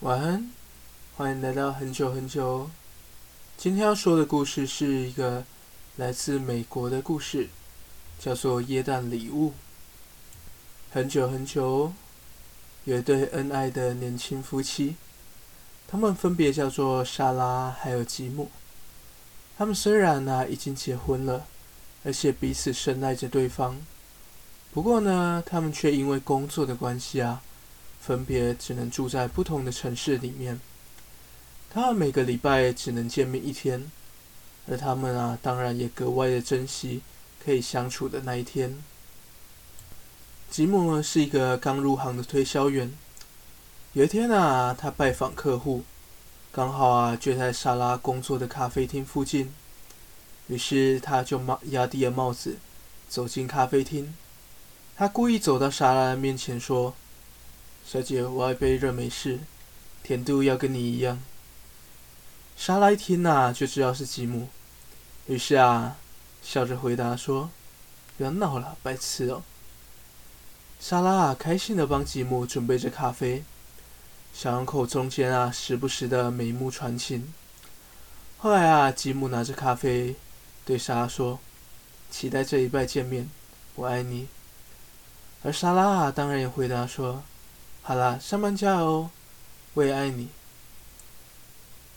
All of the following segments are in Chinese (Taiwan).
晚安，歡迎來到很久很久。今天要說的故事是一個來自美國的故事，叫做《耶誕禮物》。很久很久，有一對恩愛的年輕夫妻，他們分別叫做莎拉還有吉姆。他們雖然呢、啊、已經結婚了，而且彼此深愛着對方，不過呢，他們卻因為工作的關係啊。分別只能住在不同的城市裡面，他每個禮拜只能見面一天，而他們啊，當然也格外的珍惜可以相處的那一天。吉姆是一個剛入行的推銷員，有一天啊，他拜訪客戶，剛好啊就在莎拉工作的咖啡廳附近，於是他就帽壓低了帽子，走進咖啡廳，他故意走到莎拉的面前說。小姐，我要杯熱美式，甜度要跟你一樣。莎拉一聽啊，就知道是吉姆，於是啊，笑着回答說：“不要鬧了，白痴哦。”莎拉啊，開心的幫吉姆準備着咖啡，小兩口中間啊，時不時的眉目傳情。後來啊，吉姆拿着咖啡，對莎拉說：“期待這一拜見面，我愛你。”而莎拉啊，當然也回答說。好啦，上班加油哦，我也愛你。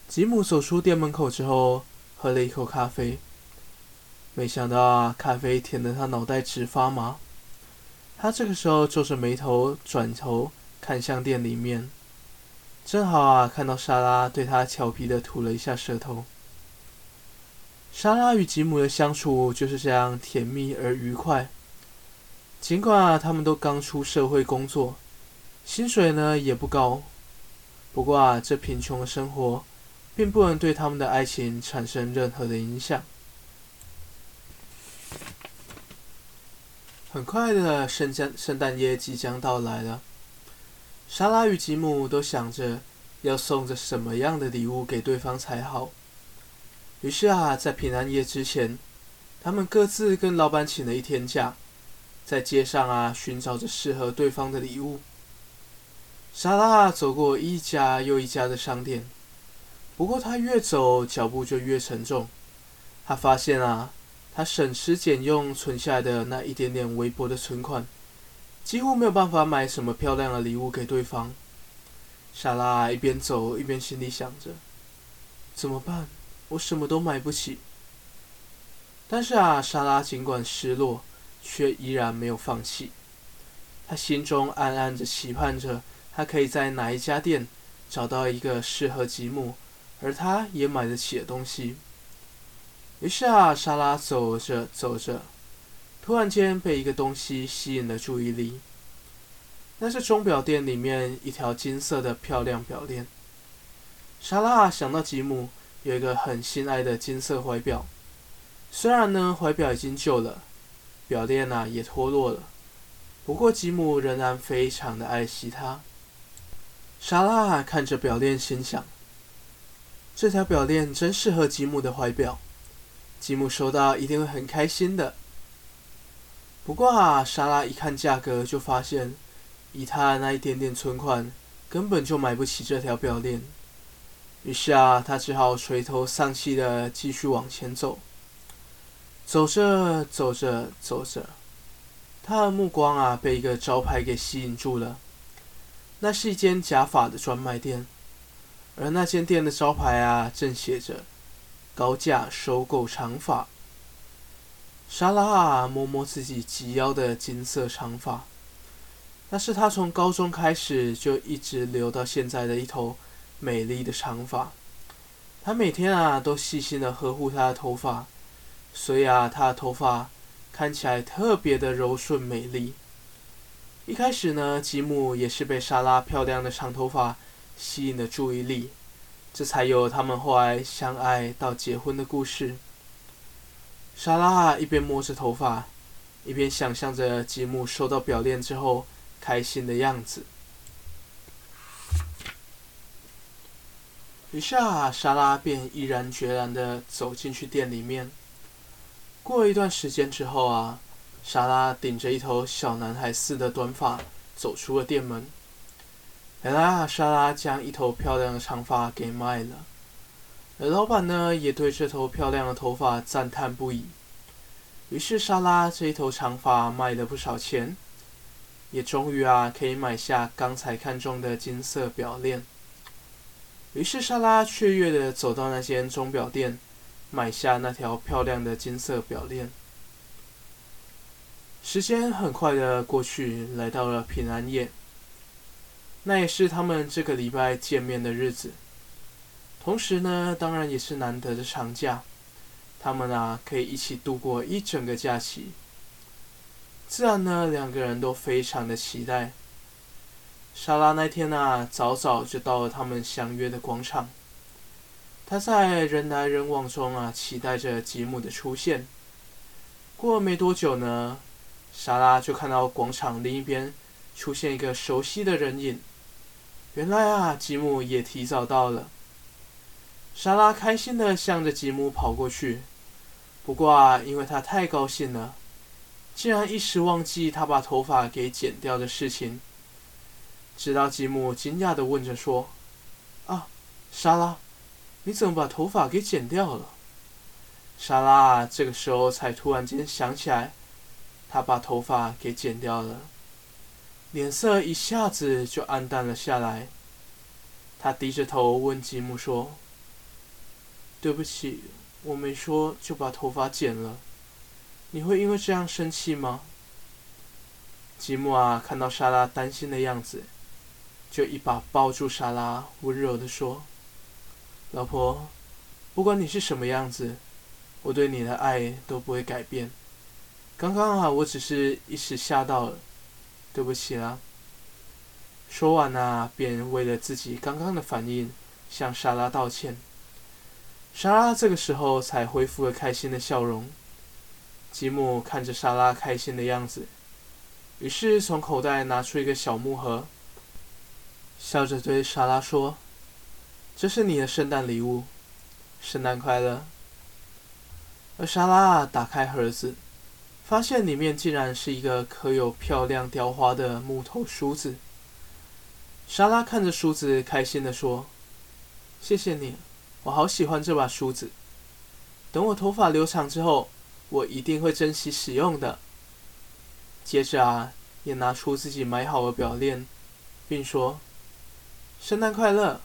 吉姆走出店門口之後，喝了一口咖啡。沒想到啊，咖啡甜得他腦袋直發麻。他這個時候皺着眉頭，轉頭看向店裡面，正好啊，看到莎拉對他俏皮的吐了一下舌頭。莎拉與吉姆的相處就是這樣甜蜜而愉快，儘管啊，他們都剛出社會工作。薪水呢也不高，不過啊，這貧窮的生活並不能對他們的愛情產生任何的影響。很快的，聖誕聖誕夜即將到來了。莎拉與吉姆都想着要送着什麼樣的禮物給對方才好。於是啊，在平安夜之前，他們各自跟老闆請了一天假，在街上啊尋找着適合對方的禮物。莎拉走過一家又一家的商店，不過她越走腳步就越沉重。她發現啊，她省吃儉用存下來的那一點點微薄的存款，幾乎沒有辦法買什麼漂亮的禮物給對方。莎拉一邊走一邊心裡想着：“怎麼辦？我什麼都買不起。”但是啊，莎拉儘管失落，卻依然沒有放棄。她心中暗暗的期盼着。他可以在哪一家店找到一個適合吉姆，而他也買得起的東西？於是啊，莎拉走着走着，突然間被一個東西吸引了注意力。那是鐘錶店裡面一條金色的漂亮錶鏈。莎拉、啊、想到吉姆有一個很心愛的金色懷錶，雖然呢懷錶已經舊了，錶鏈呢也脫落了，不過吉姆仍然非常的愛惜它。莎拉看着表鏈，心想：“這條表鏈真適合吉姆的懷表，吉姆收到一定會很開心的。”不過啊，莎拉一看價格，就發現以他那一點點存款，根本就買不起這條表鏈。於是啊，他只好垂頭喪氣的繼續往前走。走着走着走着，他的目光啊被一個招牌給吸引住了。那是一間假髮的專賣店，而那間店的招牌啊，正寫着“高價收購長髮”。莎拉啊，摸摸自己及腰的金色長髮，那是她從高中開始就一直留到現在的一頭美麗的長髮。她每天啊，都細心的呵護她的頭髮，所以啊，她的頭髮看起來特別的柔順美麗。一開始呢，吉姆也是被莎拉漂亮的長頭髮吸引了注意力，這才有他們後來相愛到結婚的故事。莎拉一邊摸着頭髮，一邊想象着吉姆收到表鏈之後開心的樣子。一下，莎拉便毅然決然地走進去店裡面。過了一段時間之後啊。莎拉頂着一頭小男孩似的短髮走出了店門。原來啊，莎拉將一頭漂亮的長髮給賣了，而老闆呢也對這頭漂亮的頭髮讚嘆不已。於是莎拉這一頭長髮賣了不少錢，也終於啊可以買下剛才看中的金色表鏈。於是莎拉雀躍的走到那間鐘表店，買下那條漂亮的金色表鏈。時間很快的過去，來到了平安夜。那也是他們這個禮拜見面的日子，同時呢，當然也是難得的長假，他們啊可以一起度過一整個假期。自然呢，兩個人都非常的期待。莎拉那天啊，早早就到了他們相約的廣場，她在人來人往中啊，期待着吉姆的出現。過了沒多久呢。莎拉就看到廣場另一邊出現一個熟悉的人影，原來啊，吉姆也提早到了。莎拉開心地向着吉姆跑過去，不過啊，因為她太高興了，竟然一時忘記她把頭髮給剪掉的事情。直到吉姆驚訝地問着說：“啊，莎拉，你怎麼把頭髮給剪掉了？”莎拉啊，這個時候才突然間想起來。他把頭髮給剪掉了，臉色一下子就黯淡了下來。他低着頭問吉姆說：“對不起，我沒說就把頭髮剪了，你會因為這樣生氣嗎？”吉姆啊，看到莎拉擔心的樣子，就一把抱住莎拉，溫柔地說：“老婆，不管你是什麼樣子，我對你的愛都不會改變。”剛剛啊，我只是一時嚇到了，對不起啦、啊。說完呢、啊，便為了自己剛剛的反應，向莎拉道歉。莎拉這個時候才恢復了開心的笑容。吉姆看着莎拉開心的樣子，於是從口袋拿出一個小木盒，笑着對莎拉說：“這是你的聖誕禮物，聖誕快樂。”而莎拉打開盒子。發現裡面竟然是一個刻有漂亮雕花的木頭梳子。莎拉看着梳子，開心地說：“謝謝你，我好喜歡這把梳子。等我頭髮留長之後，我一定會珍惜使用的。”接着啊，也拿出自己買好的錶鏈，並說：“聖誕快樂，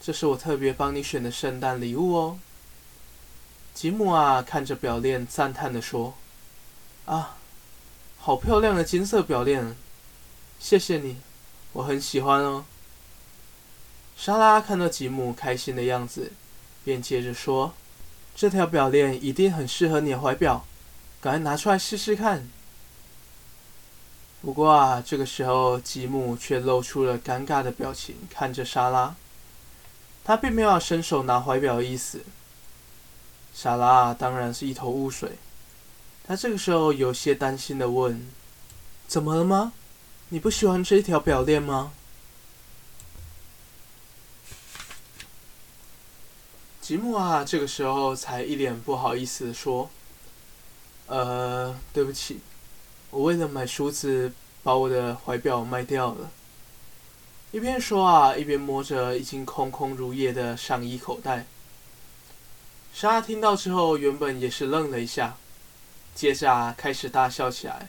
這是我特別幫你選的聖誕禮物哦。”吉姆啊，看着錶鏈，讚嘆地說。啊，好漂亮的金色錶鏈，謝謝你，我很喜歡哦。莎拉看到吉姆開心的樣子，便接着說：“這條錶鏈一定很適合你的懷錶，趕快拿出來試試看。”不過啊，這個時候吉姆卻露出了尷尬的表情，看着莎拉，他並沒有要伸手拿懷錶的意思。莎拉當然是一頭霧水。他這個時候有些擔心的問：“怎麼了嗎？你不喜歡這條錶鏈嗎？”吉姆啊，這個時候才一臉不好意思的說：“呃，對不起，我為了買梳子，把我的懷錶賣掉了。”一邊說啊，一邊摸着已經空空如也的上衣口袋。莎聽到之後，原本也是愣了一下。接着、啊、開始大笑起來，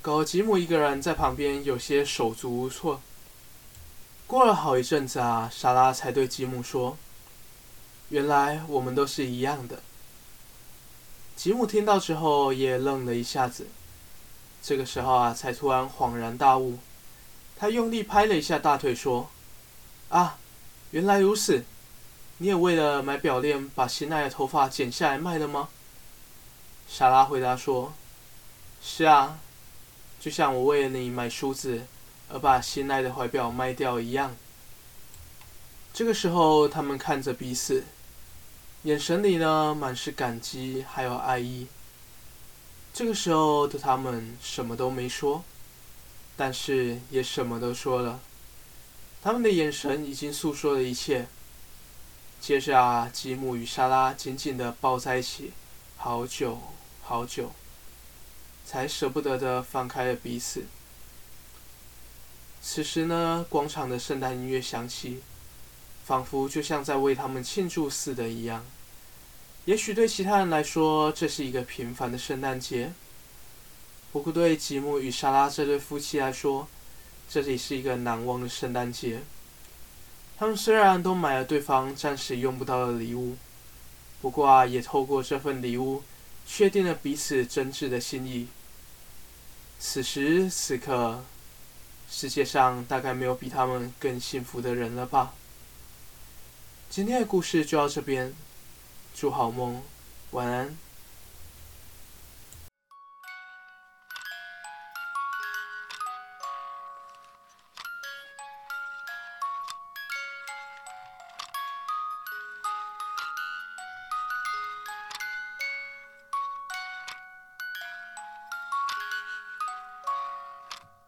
搞吉姆一個人在旁邊有些手足無措。過了好一陣子啊，莎拉才對吉姆說：“原來我們都是一樣的。”吉姆聽到之後也愣了一下子，這個時候啊才突然恍然大悟，他用力拍了一下大腿說：“啊，原來如此！你也為了買表鏈，把心愛的頭髮剪下來賣了嗎？”莎拉回答說：“是啊，就像我為了你買梳子，而把心愛的懷表賣掉一樣。”這個時候，他們看着彼此，眼神裡呢滿是感激，還有愛意。這個時候的他們什麼都沒說，但是也什麼都說了。他們的眼神已經訴說了一切。接着啊，吉姆與莎拉緊緊的抱在一起，好久。好久，才捨不得的放開了彼此。此時呢，廣場的聖誕音樂響起，仿佛就像在為他們慶祝似的一樣。也許對其他人來說，這是一個平凡的聖誕節，不過對吉姆與莎拉這對夫妻來說，這裡是一個難忘的聖誕節。他們雖然都買了對方暫時用不到的禮物，不過啊，也透過這份禮物。確定了彼此真摯的心意，此時此刻，世界上大概沒有比他們更幸福的人了吧。今天的故事就到這邊，祝好夢，晚安。